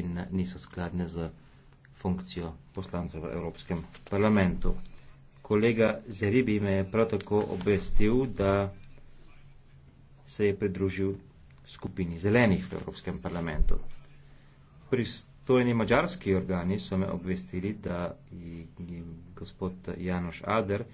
in niso skladne z funkcijo poslancev v Evropskem parlamentu. Kolega Zeribi me je prav tako obvestil, da se je pridružil skupini zelenih v Evropskem parlamentu. Pristojni mađarski organi so me obvestili, da je gospod Janoš Ader